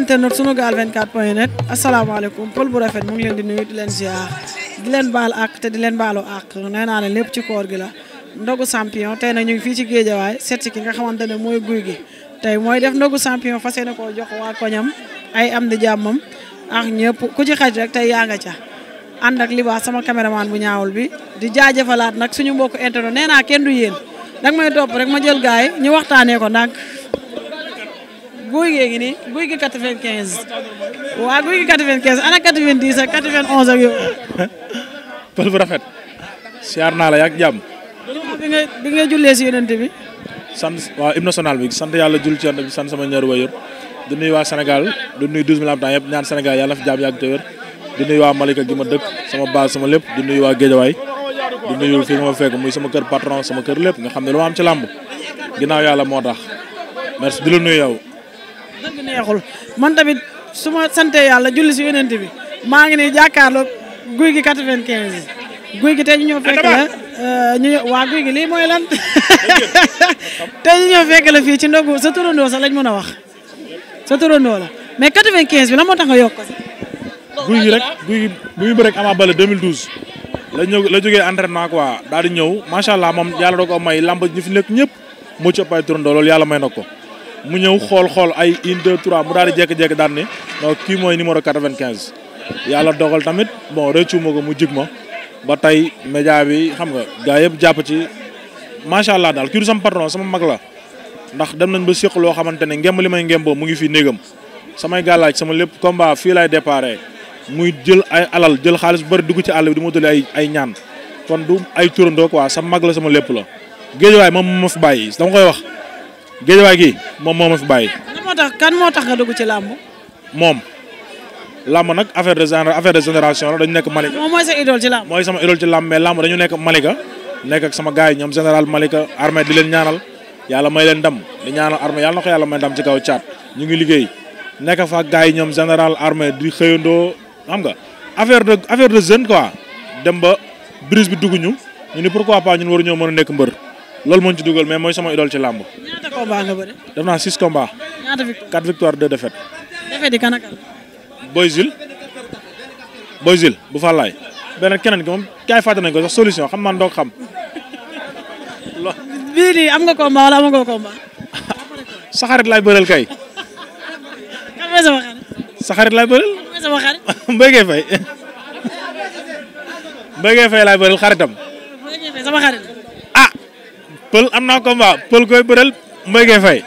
internet sunugal 24 point net asalaamaaleykum pël bu rafet mu ngi leen di nuyu di leen ziar di leen baal àq te di leen baalu àq nee naa ne lépp ci koor gi la ndogu champion tey nag ñu ngi fii ci géejawaay seet si ki nga xamante ne mooy guy gi tey mooy def ndogu champion fas yéene koo jox waa koñam ay am di jàmmam ak ñëpp ku ci xaj rek tey yaa nga ca and ak libaas sama caméraman bu ñaawul bi di jaajafalaat nag suñu mbokku internet nee naa kenn du yéen danga may topp ko nag guy gee ngi nii guy gi 95 waaw guy gi 95 ana 90 ak 91 ak yow. pël bu rafet. siyaar naa la yaa jàmm. bi nga bi nga jullee si yonent bi. sant waa hymne national bi sant yàlla jull ci yonent bi sant sama ñaari waajur du nuyu waa Sénégal du nuy 12 000 yëpp ñaan Sénégal yàlla fi jàmm yàgg te wér du nuyu waa Malika gi ma dëkk sama base sama lépp du nuyu waa Guédiawaye du nuyu fii nga ma fekk muy sama kër patron sama kër lépp nga xam ne lu ma làmb ginnaaw yàlla moo tax merci di la nuyu yow. neexul man tamit su ma sante yàlla julli si yonent bi maa ngi ne jàkkaarloog guy gi 95 guy gi tey ñu ñëw fekk euh, ñu waa guy gi lii mooy lan tey ñu ñëw fekk la fii ci ndogu sa turandoo sax lañ mën a wax sa turandoo la mais 95 bi la moo tax nga yokk ko si guy gi rek guy gi bu ñu bëreeg Ama la ñëw la jógee entraînement quoi daal ñëw macha allah moom yàlla doo ko may lamb ñi fi nekk ñëpp moo ci loolu yàlla may na mu ñëw xool-xool ay une deux trois mu daal di jékki-jékki daan ni non kii mooy numéro quatre-vingt-quinze. yàlla dogal tamit bon rëccu ma ko mu jig ma ba tey média bi xam nga gaa yëpp jàpp ci macha allah daal kii du sama patron sama mag la ndax dem nañ ba séq loo xamante ne ngemb li may ngemboo mu ngi fi néegam samay gàllaaj sama lépp combat fii laay déparé muy jël ay alal jël xaalis bu bëri dugg ci àll bi di ma dolli ay ay ñaan kon du ay turandoo quoi sa mag la sama lépp la géejawaay gi moom moo ma fi bàyyi. kan moo tax kan moo tax nga dugg ci làmb. moom làmb nag affaire de genre affaire génération la dañu nekk Malika. moom mooy sa idole ci làmb. mooy sama idole ci làmb mais dañu nekk Malika nekk sama gars yi ñoom général Malika armée di leen ñaanal yàlla may leen ndam di ñaanal armée yàlla na ko yàlla may ndam ci kaw caat ñu ngi liggéey nekk fa gars yi ñoom général armée di xëyandoo xam nga affaire de affaire de jeune quoi dem ba brise bi dugg ñu ñu ni pourquoi pas mën a nekk mbër loolu moo ñu mais mooy sama idole ci làmb. combat nga bëre. def naa six combat. ñaata victoire quatre victoire deux défaites. défaite yi kan ak kan. Boy Jules. Boy Jules bu Fallaye. beneen keneen ki moom kaay fàtte ko sax solution xam naa ndoog xam. bii am nga combat wala amagoo combat. sa xarit laay bëreel kay. kan mooy sama xarit. sa xarit laay bëreel. kan ah pël am naa combat pël koy bëreel Mbengue Faye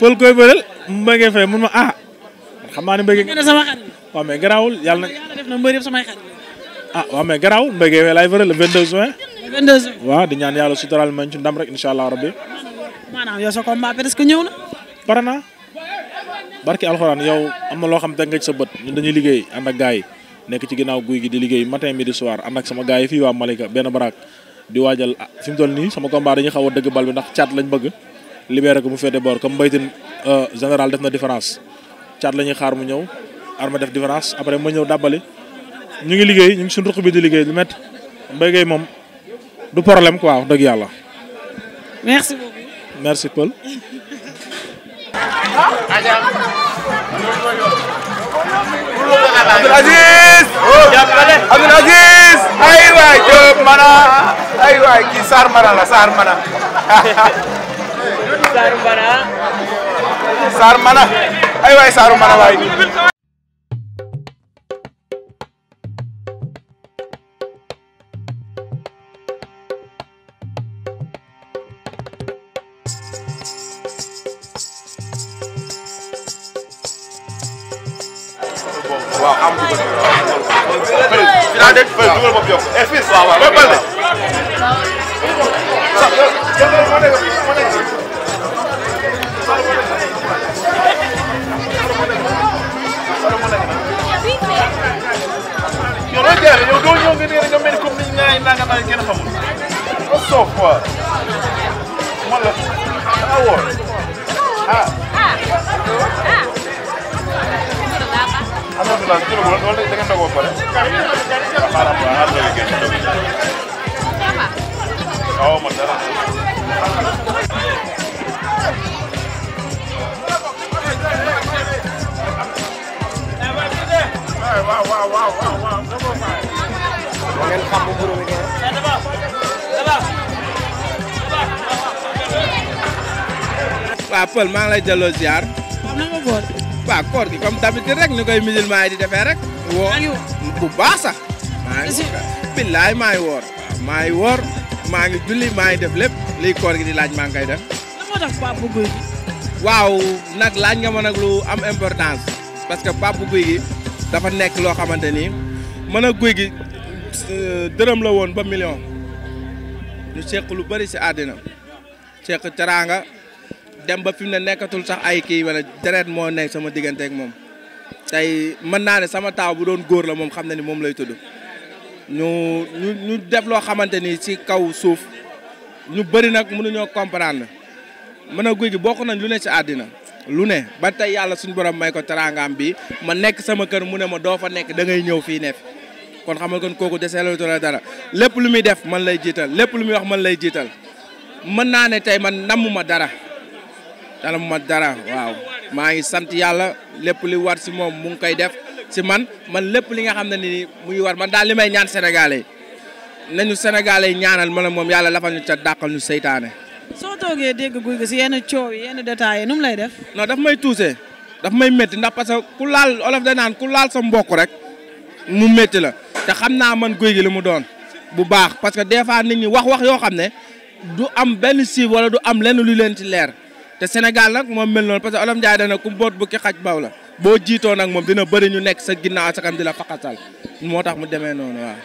pël koy bëreel Mbengue Faye mun ma ah xam naa ne Mbengue. waaw mais garaawul yàlla na. ah waaw mais garaawul Mbengue Faye laay bëreel le 22 juin. le 22 juin waaw di ñaan yàlla suturaal mañ ci ndam rek incha allah rabbi. maanaam yow sa combat presque ñëw na. pare naa barki alxuraan yow am na loo xam teg nga ci sa bët ñun dañuy liggéey ànd ak gars yi nekk ci ginnaaw guy gi di liggéey matin midi soir ànd ak sama gars yi fii waa Malika benn baraak di waajal ah, fi mu toll nii sama combat dañuy xaw a dëgg bal bi ndax caat lañ bëgg libéré ko mu féete boor kom mbaytin euh, général def na différence caat la ñuy xaar mu ñëw armé def différence après moo ñëw dàbbali ñu ngi liggéey ñu ngi suñu ruq bi di liggéey lu métti mbéy gay moom du problème quoi wax dëgg yàlla. ay waay kii Saar Mbana la Saar Mbana. Saar Mbana. Saar Mbana ay waay Saar Mbana waay. waaw am na. fële fële dugal bopp yokk. Eh, waaw waaw waaw alhamdulilah jërëjëf loolu da ngeen doon ba pare. xaw ma dara. waaw waaw waaw waaw waaw. ma ngeen xam bu mu rënd maa ngi lay gi comme d'habitude rek woo bu baax sax. maa maa ngi maa ngi maa ngi julli maa ngi def lépp liy koor gi di laaj maa ngi koy def. waaw nag laaj nga ma nag lu am importance parce que Pape guy gi dafa nekk loo xamante ni mën a guy gi euh, dërëm la woon ba million ñu seq lu bari si àddina seq teraanga dem ba fi mu ne nekkatul sax ay kii wala deret moo nekk sama digganteek moom tey man naa ne sama taaw bu doon góor la moom xam na ni moom lay tudd. ñu def loo xamante ni si kaw suuf ñu bëri nag mënuñoo comprendre mën a guy gi bokk nañ lu ne ci àddina lu ne ba tey yàlla suñu borom may ko teraangaam bi ma nekk sama kër mu ne ma doo fa nekk da ngay ñëw fii neef kon xama nga kooku desee la dara lépp lu muy def man lay jiital lépp lu muy wax man lay jiital mën naa ne tey man namm ma dara namm ma dara waaw maa ngi sant yàlla lépp li war si moom mu ngi koy def si man man lépp li nga xam ne ni muy war man daal li may ñaan sénégalais nañu sénégalais ñaanal ma ne moom yàlla lafal ñu ca dàqal ñu seytaane. soo toogee dégg guy gi si yenn coow yi yenn détails yi nu lay def. no daf may tuuse daf may métti ndax parce que ku laal olof da naan ku laal sa mbokk rek mu métti la te xam naa man guy gi li mu doon bu baax parce que des fois nit ñi wax wax yoo xam ne du am benn siiw wala du am lenn lu leen ci leer. te Sénégal nag moom mel noonu parce que Olof Ndiaye dana ku boot bu ki xaj baw boo jiitoo nag moom dina bëri ñu nekk sa ginnaaw sa kanam di la faqatal moo tax mu demee noonu waaw.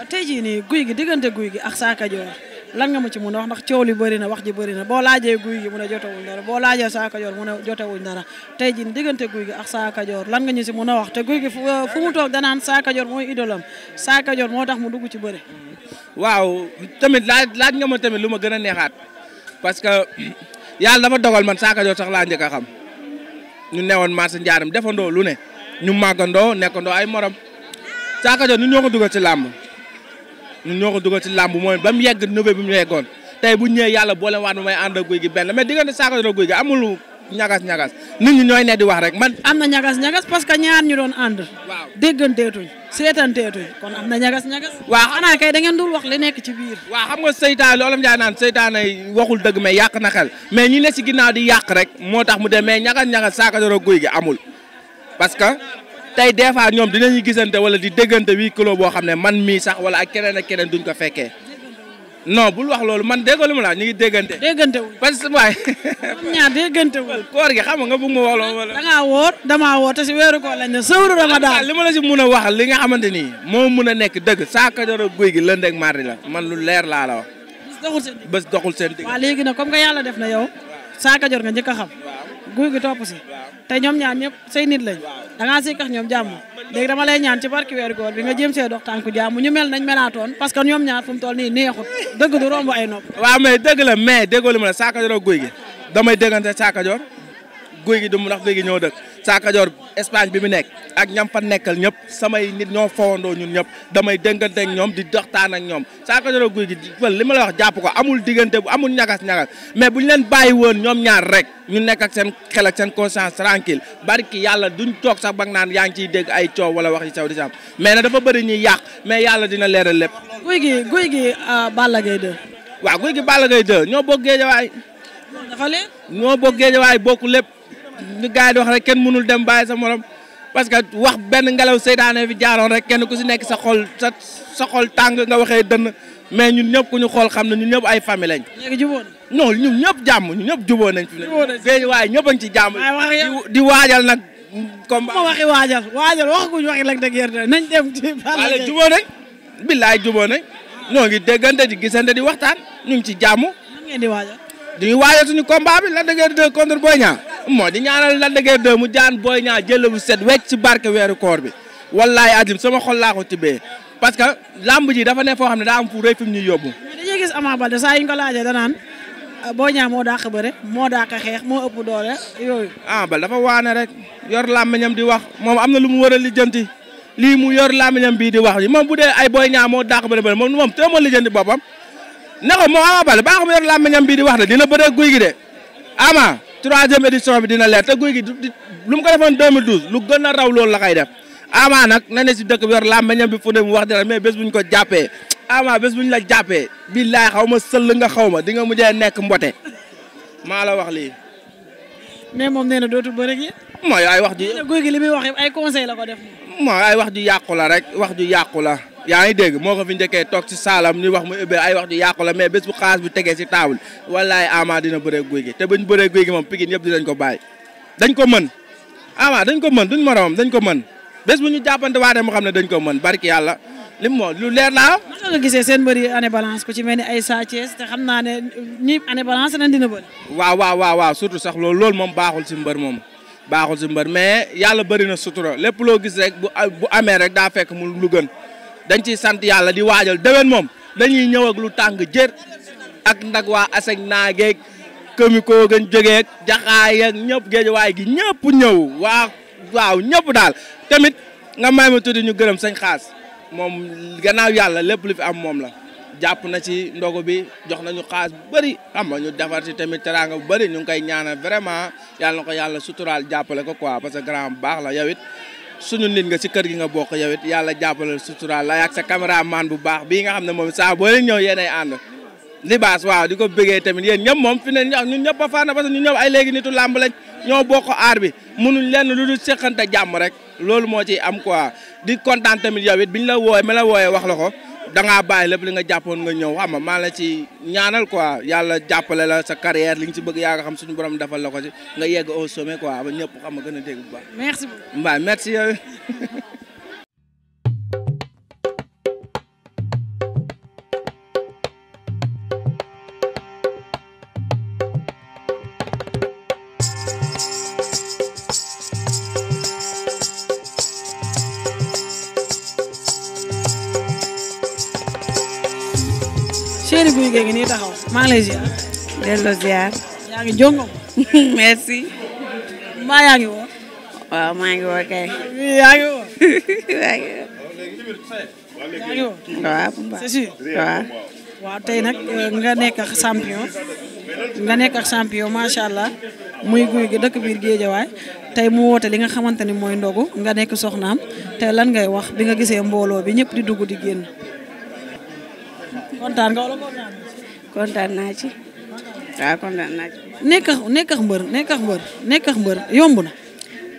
Euh, tey jii nii guy gi diggante guy gi ak Saaka Joor lan nga ma ci mun a wax ndax coow li bëri na wax ji bëri na boo laajee guy gi mu a jotewuñ dara boo laajee Saaka Joor mu ne jotewuñ dara te jii nii diggante guy gi ak Saaka Joor lan nga ñu si mun a wax te guy gi fu euh, mu toog danaan Saaka Joor mooy idolam Saaka Joor moo tax mu dugg ci bëri. waaw tamit laaj laaj nga ma tamit lu ma gën a neexaat parce que yàlla dafa dogal man Sa Cadior sax laa njëkk a xam ñu newoon marché njaaram defandoo lu ne ñu màggandoo nekkandoo ay morom Sa Cadior ñun ñoo ko dugal ci làmb nu ñoo ko dugal ci làmb mooy ba mu yegg niveau bi mu yeggoon tey bu ñëwee yàlla boole waat mu may ànd ak guy gi benn mais diggante Sa Cadior guy gi amul ñagas ñagas nit ñi ñooy ne di wax rek man. am na ñagas ñagas parce que ñaar ñu doon ànd. waaw dégganteetuñ seetanteetuñ kon am na ñagas ñagas. waaw xanaa kay da ngeen dul wax li nekk ci biir. waaw xam nga seytaan loolu am jaay naan seytaan waxul dëgg may yàq na xel mais ñi ne si ginnaaw di yàq rek moo tax mu dem mais ñagas ñagas saaka doro guy gi amul parce que. tey des fois ñoom dinañu gisante wala di déggante huis clos boo xam ne man mii sax wala ak keneen ak keneen duñ ko fekkee non bul wax loolu man déggoo li ma la ñu ngi déggante. déggante wu parce que waaye. ñoom ñaar déggante wu. koor gi xam nga bëgg ma wax loolu wala. da ngaa woor damaa woor te si weeru koor lañ ne sëwru ramadan li ma la si mun a wax li nga xamante ni moo mun a nekk dëgg saaka ka guy gi lënd ak mardi la. man lu leer laa la wa bés doxul seen digg bés doxul seen digg. waaw léegi nag comme que yàlla def na yow. saa ka nga njëkk a xam. guy gi topp si te ñoom ñaar ñëpp say nit lañ da ngaa siy kax ñoom jàmm léegi dama lay ñaan ci bar barki weeru góor bi nga jéem see dox tànku jàmm ñu mel nañ melaatoon parce que ñoom ñaar fu mu toll nii neexut dëgg du romb ay nopp waaw mais dëgg la mais déggoo li ma la Sa Cadior guy gi damay déggante Sa Cadior guy gi du ndax guy gi ñoo dëkk saa kajoor espagne bi mu nekk ak ñam fa nekkal ñëpp samay nit ñoo fowandoo ñun ñëpp damay déngante ak ñoom di doxtaan ak ñoom saa kajoor ak guy gi li ma la wax jàpp ko amul diggante bu amul ñagas-ñagas mais bu ñu leen bàyyi woon ñoom ñaar rek ñu nekk ak seen xel ak seen conscience tranquille barki yàlla duñ toog sax bag naan yaa ngi ciy dégg ay coow wala wax yi saw di mais na dafa bëri ñuy yàq mais yàlla dina leeral lépp guy gi guy gi euh, Balla Gaye 2 waaw guy gi Balla Gaye 2 ñoo bokk géejawaay dafa leer ñoo bokk géejawaay lépp ñu gars di wax rek kenn mënul dem bàyyi sa morom parce que wax benn ngelaw seydaanee fi jaaroon rek kenn ku si nekk sa xol sa sa xol tàng nga waxee dënn mais ñun ñëpp ku ñu xool xam ne ñun ñëpp ay famille lañ. léegi jubóo non ñun ñëpp jàmm ñëpp jubóo nañ. jubóo nañ fi waaye ñëpp a ngi ci jàmm. di waajal nag. comme ma waxi waajal waajal waxaguñ waxi Lac de Guiers nañ dem ci. wala jubóo nañ. billaay jubóo nañ. ñoo ngi déggante di gisante di waxtaan ñu ngi ci jàmm. ngeen di waajal. dañuy waaye suñu combat bi Lac de Guiers 2 contre Boy Niang moo di ñaanal Lac de Guiers 2 mu jaan Boy Niang jël bu set wecc ci barke weeru koor bi wallaay adim sama xol laa ko tibbee parce que lamb ji dafa ne foo xam ne daa am fu rëy fi mu Ama Baldé saa yu ñu ko laajee danaan Boy moo dàq bëre moo dàq xeex moo ëpp doole yooyu. Ama Baldé dafa waane rek yor làmmiñam di wax moom am na lu mu war a lijjanti lii mu yor làmmiñam bi di wax moom bu de ay Boy Niang moo dàq bëre moom moom téeméer lijjanti boppam. ne ko moom Ama Baldé baa xam yor làmmiñam bii di wax ne dina bëre guy gi de ama troisième édition bi dina leen te guy gi lu mu ko defoon 2012 lu gën a raw loolu la koy def ama nag na ne si dëkk bi yor làmmiñam bi fu ne mu wax dina mais bés bu ñu ko jàppee ama bés bu ñu la jàppee billaay xaw ma sëll nga xaw ma di nga mujjee nekk mbote maa la wax li mais moom nee na dootul bëre gi. mooy ay wax ju guy gi li muy wax ay conseil la ko def. mooy wax ju yàqu la rek wax ju yàqu la. yaa ngi dégg moo ko fi njëkkee toog ci saalam ñu wax mu ubbee ay wax ju yàqu la mais bés bu xaas bi tegee ci table wallaay Ama dina bëree guy gi te buñ bëree guy gi moom Pikine yëpp dañ ko mën Ama dañ ko mën duñ moromam dañ ko mën bés bu ñu jàppante waatee mu xam ne dañ ko mën barki yàlla li mu lu leer laa naka nga gisee seen mbëri année balance ci mel ni ay Sa xam naa ne ñi année balance nañ dina bëri waaw waaw waaw waaw surtout sax loolu loolu moom baaxul ci mbër moom baaxul ci mbër mais yàlla bëri na sutura lépp loo gis rek bu bu amee rek daa fekk mu lu gën dañ ciy sant yàlla di waajal déwén moom dañuy ñëw ak lu tàng jër ak ndag waa aseg naageeg këmi koo gën jógeeg jaxaay ak ñëpp géejuwaay gi ñëpp ñëw waa waaw ñëpp daal tamit nga may ma tuddi ñu gërëm sañ xaas moom gannaaw yàlla lépp lu fi am moom la jàpp na ci ndogu bi jox nañu xaas bu bari xam nga ñu defar ci tamit teraanga bu bëri ñu ngi koy ñaanal vraiment yàlla na ko yàlla suturaal jàppale ko quoi parce que grand bu baax la yow suñu nit nga ci kër gi nga bokk yow yàlla jàppalal suturaal la ak sa caméraman bu baax bii nga xam ne moom saa boo leen ñëw yéen ay ànd libaas waaw di ko bëggee tamit yéen ñëpp moom fi ne ñun ñëpp a faana parce que ñun ñëpp ay léegi nitu làmb lañ ñoo bokk aar bi munuñ lenn lu dul séqante jàmm rek loolu moo ciy am quoi di kontaan tamit yow it biñ la wooye ma la wooyee wax la ko da ngaa bàyyi lépp li nga jàppoon nga ñëw xam nga maa la ci ñaanal quoi yàlla jàppale la sa carrière li nga ci bëgg yaa nga xam suñu borom defal la ko ci nga yegg au sommet quoi ba ñëpp xam nga gën a bu baax. merci beaucoup mbaa chéri guy gi nii taxaw maa ngi lay ziar. yaa ngi jongo merci. mbaa yaa ngi woo. waaw maa ngi woo kay. yaa tey nag euh, nga nekk ak champion. nga nekk ak champion macha allah. muy guy gi dëkk biir Géejawaay tey mu woote li nga xamante ni mooy ndogu nga nekk soxnaam te lan ngay wax bi nga gisee mbooloo bi ñëpp di dugg di génn. kontaan nga wala kontaan kontaan naa ci waaw kontaan naa ci. nekkax nekkax mbër nekkax yomb na.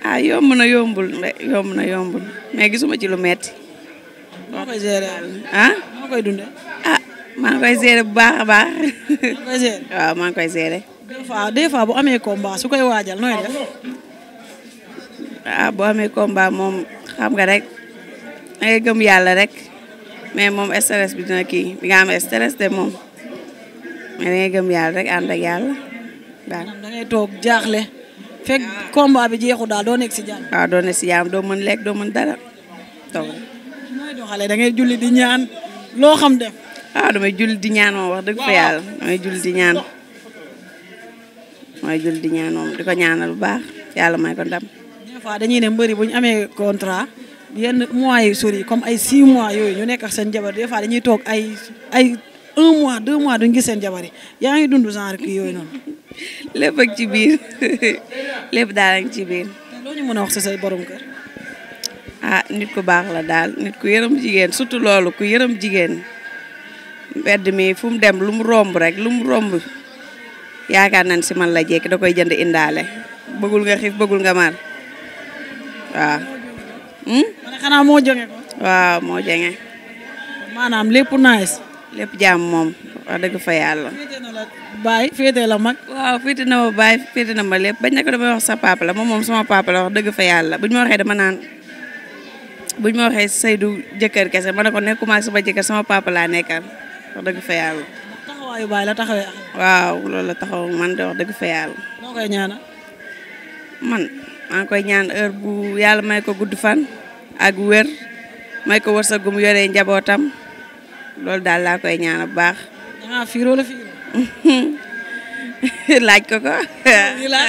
ah yomb na yombul na yombul mais gisuma ci lu koy gérer ah moo ah, maa ngi koy gérer bu baax a baax. maa ngi koy gérer waaw maa ngi koy gérer. des fois des fois bu amee combat su koy waajal nooy def. Ah, amee combat moom xam nga rek da ngay yàlla rek. mais moom stress bi dina kii bi nga am stress de moom mais da ngay gëm yàlla rek ànd ak yàlla daal. dangay toog jaaxle. fekk combat bi jeexu daal doo nekk si jàmm. doo si jàmm doo mën lekk doo mën dara. toog mooy da ngay julli di ñaan loo xam def. waaw ah, damay julli di ñaan moom wax dëgg fa yàlla damay julli di ñaan. mooy julli di ñaan moom di ko ñaanal bu baax yàlla may ko ndam. des fois dañuy amee contrat. yenn mois yu sori comme ay 6 mois yooyu ñu nekk ak seen jabar des fois dañuy toog ay ay 1 mois 2 mois duñ gis seen jabar yaa ngi dund genre kii yooyu noonu. lépp ci biir lépp daal ak ci biir. loo mën a wax si say borom kër. ah nit ku baax la daal nit ku yërëm jigéen surtout loolu ku yërëm jigéen mbedd mi fu mu dem lu mu romb rek lu mu romb yaakaar nañ si man la jekk da koy jënd indaale bëggul nga xiif bëggul nga mar waaw. Hmm? man moo jógee ko. waaw moo jógee. maanaam lépp nice. lépp jàmm moom wax dëgg fa yàlla. la baay féete la mag. waaw féete na ma baay féete na ma lépp bañ na ko damay wax sa papa moom moom sama papa la wax dëgg fa yàlla buñ ma waxee dama naan buñ ma waxee Seydou jëkkër kese ma ne ko nekkuma ak sama jëkkër sama papa laa nekkal wax dëgg fa yàlla. la waaw loolu la taxaw man de wax dëgg fa yàlla. man. maa ngi koy ñaan heure bu yàlla may ko gudd fan ak wér may ko wërsëg gu mu yore njabootam loolu daal laa koy ñaan bu baax. ah laaj ko ko.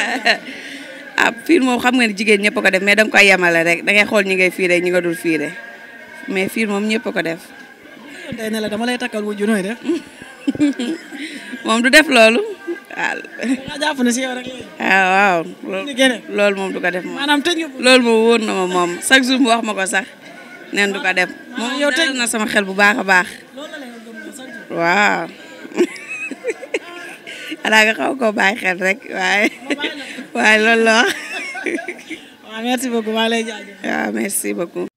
ah fiir moom xam nga ni jigéen ñëpp ko def mais danga koy yemale rek dangay xool ñi ngay fiire ñi nga dul fiire mais fiir moom ñëpp ko def. def. moom du def loolu. jàpp na si ah, waaw loolu moom du ko def moom maanaam moom wóor na ma moom chaque jour mu wax ma ko sax neen du ko ah. def ah, moom yow tëj na sama xel bu baax a baax waaw xanaa nga xaw koo bàyyi xel rek waaye waaye loolu la wax waaw merci beaucoup lay